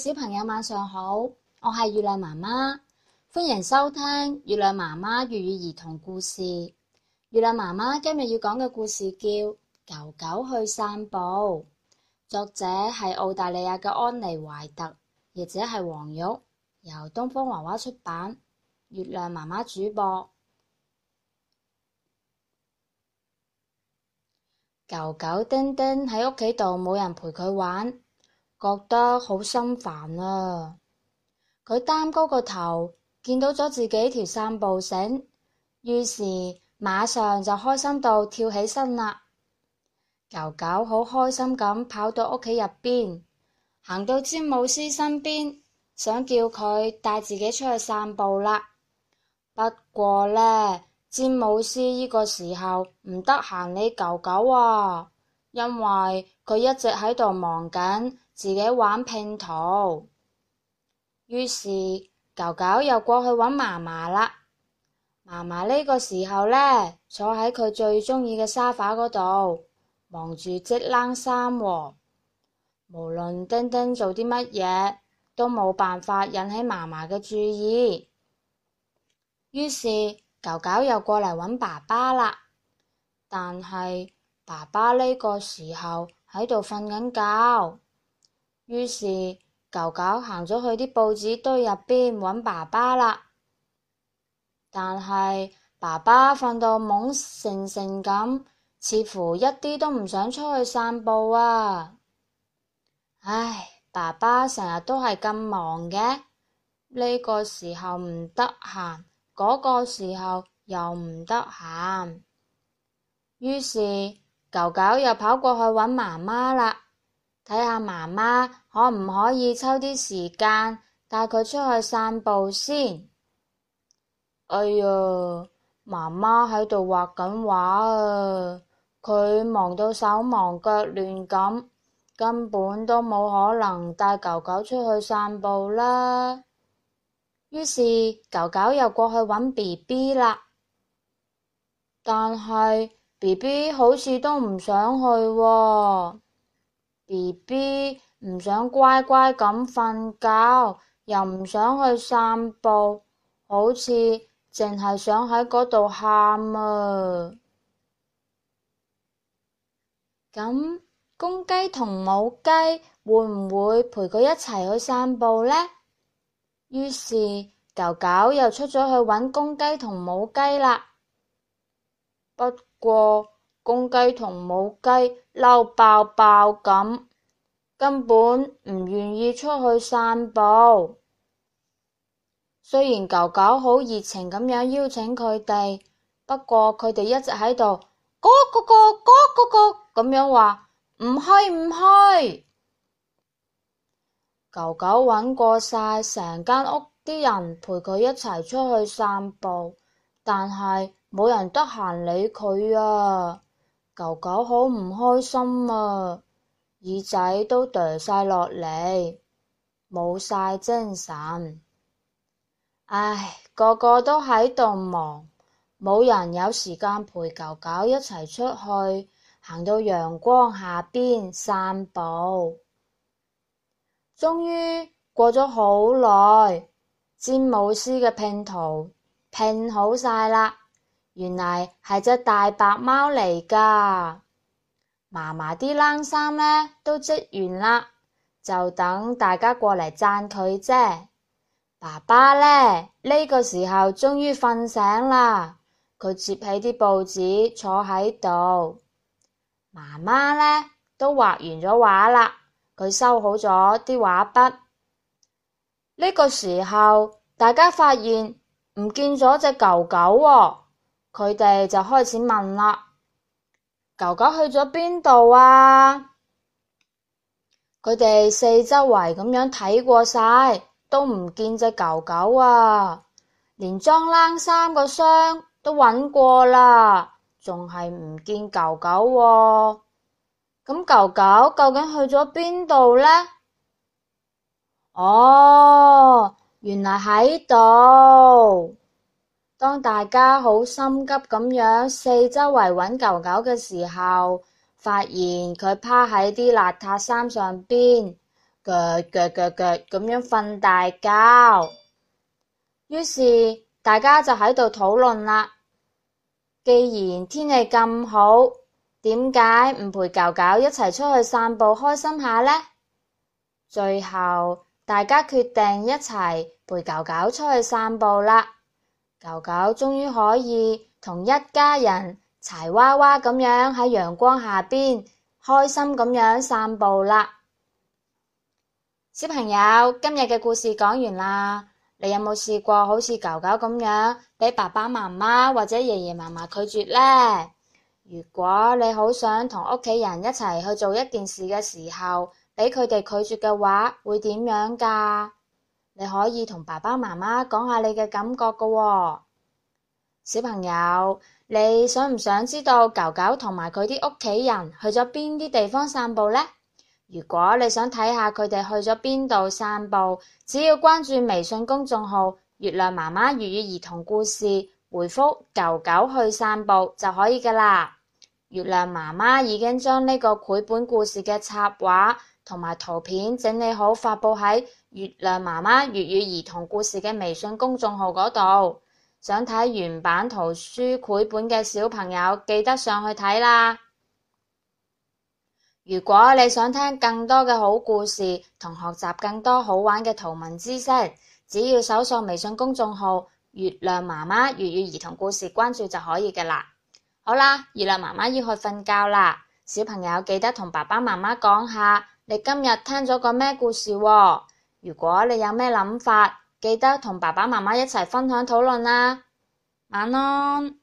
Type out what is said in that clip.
小朋友晚上好，我係月亮媽媽，歡迎收聽月亮媽媽粵語兒童故事。月亮媽媽今日要講嘅故事叫《狗狗去散步》，作者係澳大利亞嘅安妮懷特，譯者係黃玉，由東方娃娃出版。月亮媽媽主播，狗狗丁丁喺屋企度冇人陪佢玩。覺得好心煩啊！佢擔高個頭，見到咗自己條散步繩，於是馬上就開心到跳起身啦。狗狗好開心咁跑到屋企入邊，行到詹姆斯身邊，想叫佢帶自己出去散步啦。不過呢，詹姆斯呢個時候唔得閒理狗狗啊，因為。佢一直喺度忙緊自己玩拼圖，於是狗狗又過去揾嫲嫲啦。嫲嫲呢個時候呢，坐喺佢最鍾意嘅沙發嗰度，忙住織冷衫喎。無論丁丁做啲乜嘢，都冇辦法引起嫲嫲嘅注意。於是狗狗又過嚟揾爸爸啦，但係爸爸呢個時候，喺度瞓緊覺，於是狗狗行咗去啲報紙堆入邊揾爸爸啦。但係爸爸瞓到懵成成咁，似乎一啲都唔想出去散步啊！唉，爸爸成日都係咁忙嘅，呢個時候唔得閒，嗰個時候又唔得閒，於是。狗狗又跑過去揾媽媽啦，睇下媽媽可唔可以抽啲時間帶佢出去散步先？哎唷，媽媽喺度畫緊畫啊，佢忙到手忙腳亂咁，根本都冇可能帶狗狗出去散步啦。於是狗狗又過去揾 BB 啦，但係。B B 好似都唔想去喎，BB 唔想乖乖咁瞓覺，又唔想去散步，好似淨係想喺嗰度喊啊！咁、嗯、公雞同母雞會唔會陪佢一齊去散步呢？於是狗狗又出咗去揾公雞同母雞啦。過公雞同母雞嬲爆爆咁，根本唔願意出去散步。雖然狗狗好熱情咁樣邀請佢哋，不過佢哋一直喺度，嗰嗰個嗰嗰個咁樣話唔去唔去。狗狗搵過晒成間屋啲人陪佢一齊出去散步，但係，冇人得閒理佢啊！狗狗好唔開心啊，耳仔都掉晒落嚟，冇晒精神。唉，個個都喺度忙，冇人有時間陪狗狗一齊出去，行到陽光下邊散步。終於過咗好耐，詹姆斯嘅拼圖拼好晒啦！原來係隻大白貓嚟噶，嫲嫲啲冷衫呢都織完啦，就等大家過嚟讚佢啫。爸爸呢呢個時候終於瞓醒啦，佢接起啲報紙坐喺度。媽媽呢都畫完咗畫啦，佢收好咗啲畫筆。呢個時候大家發現唔見咗隻狗狗喎。哦。佢哋就開始問啦：狗狗去咗邊度啊？佢哋四周圍咁樣睇過晒，都唔見隻狗狗啊！連裝冷衫個箱都揾過啦，仲係唔見狗狗喎。咁狗狗究竟去咗邊度呢？哦，原來喺度。當大家好心急咁樣四周圍揾狗狗嘅時候，發現佢趴喺啲邋遢衫上邊，腳腳腳腳咁樣瞓大覺。於是大家就喺度討論啦。既然天氣咁好，點解唔陪狗狗一齊出去散步開心下呢？最後大家決定一齊陪狗狗出去散步啦。狗狗終於可以同一家人柴娃娃咁樣喺陽光下邊開心咁樣散步啦！小朋友，今日嘅故事講完啦，你有冇試過好似狗狗咁樣俾爸爸媽媽或者爺爺嫲嫲拒絕呢？如果你好想同屋企人一齊去做一件事嘅時候，俾佢哋拒絕嘅話，會點樣噶？你可以同爸爸媽媽講下你嘅感覺噶喎，小朋友，你想唔想知道狗狗同埋佢啲屋企人去咗邊啲地方散步呢？如果你想睇下佢哋去咗邊度散步，只要關注微信公眾號月亮媽媽粵語兒童故事，回覆狗狗去散步就可以噶啦。月亮媽媽已經將呢個繪本故事嘅插畫。同埋圖片整理好，發布喺月亮媽媽粵語兒童故事嘅微信公眾號嗰度。想睇原版圖書繪本嘅小朋友，記得上去睇啦。如果你想聽更多嘅好故事，同學習更多好玩嘅圖文知識，只要搜索微信公眾號月亮媽媽粵語兒童故事，關注就可以㗎啦。好啦，月亮媽媽要去瞓覺啦，小朋友記得同爸爸媽媽講下。你今日聽咗個咩故事？如果你有咩諗法，記得同爸爸媽媽一齊分享討論啦。晚安。